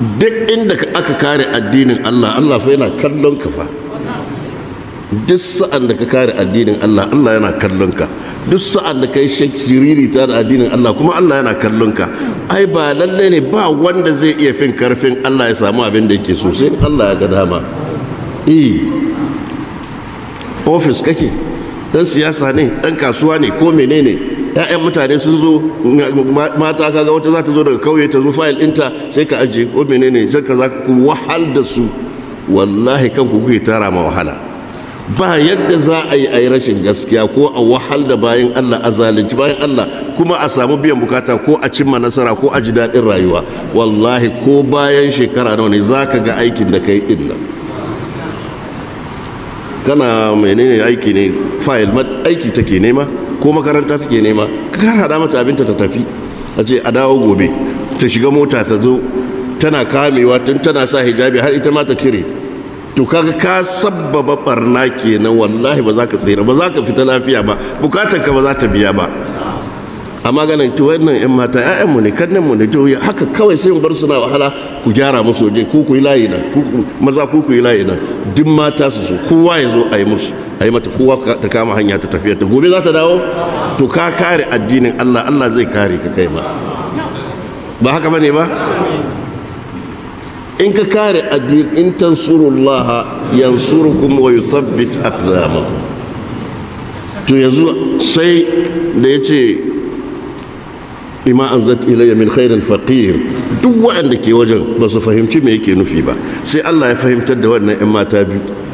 duk inda aka kare addinin Allah Allah fa yana kallon ka fa duk sa'an da ka kare addinin Allah Allah yana kallon ka duk sa'an da kai siriri ta da addinin Allah kuma Allah yana kallon ka ai ba lalle ne ba wanda zai iya fin karfin Allah ya samu abin da yake so sai Allah ya ga dama eh office kake dan siyasa ne dan kasuwa ne ko menene 'ya'yan mutane sun zo mata kaga wata za ta zo daga kauye ta zo fayil ɗinta sai ka ajiye ko menene sai ka za ku wahal da su wallahi kan ku kuke tara ma wahala ba yadda za a yi a yi rashin gaskiya ko a wahal da bayan Allah a zalunci bayan Allah kuma a samu biyan bukata ko a cimma nasara ko a ji daɗin rayuwa wallahi ko bayan shekara nawa ne za ka ga aikin da ka yi ɗin nan kana menene aiki ne fayil aiki take nema ko makaranta ke nema ka kar hada mata abinta ta tafi a ce a dawo gobe ta shiga mota ta zo tana kamewa tun tana sa hijabi har ita ma ta cire to kaga ka sabbaba barna kenan wallahi ba za ka tsira ba za ka fita lafiya ba bukatar ka ba za ta biya ba amma ganin ki wannan yan mata 'ya'yanmu ne kannan mu ne jihohi haka kawai sai mu bar suna wahala ku gyara musu waje ku ku yi layi nan maza ku ku yi layi nan duk mata su so kowa ya zo a yi musu yi mata kowa ta kama hanya ta tafiya ta gobe za ta dawo to ka kare addinin Allah Allah zai kare ka kai ma ba haka bane ba in ka kare addinin in tansurullaha yansurukum wa yuthabbit aqdamakum to yanzu sai da yace bima anzat ilayya min khairin faqir duk waɗanda ke wajen ba su fahimci me yake nufi ba sai Allah ya fahimtar da wannan 'yan mata biyu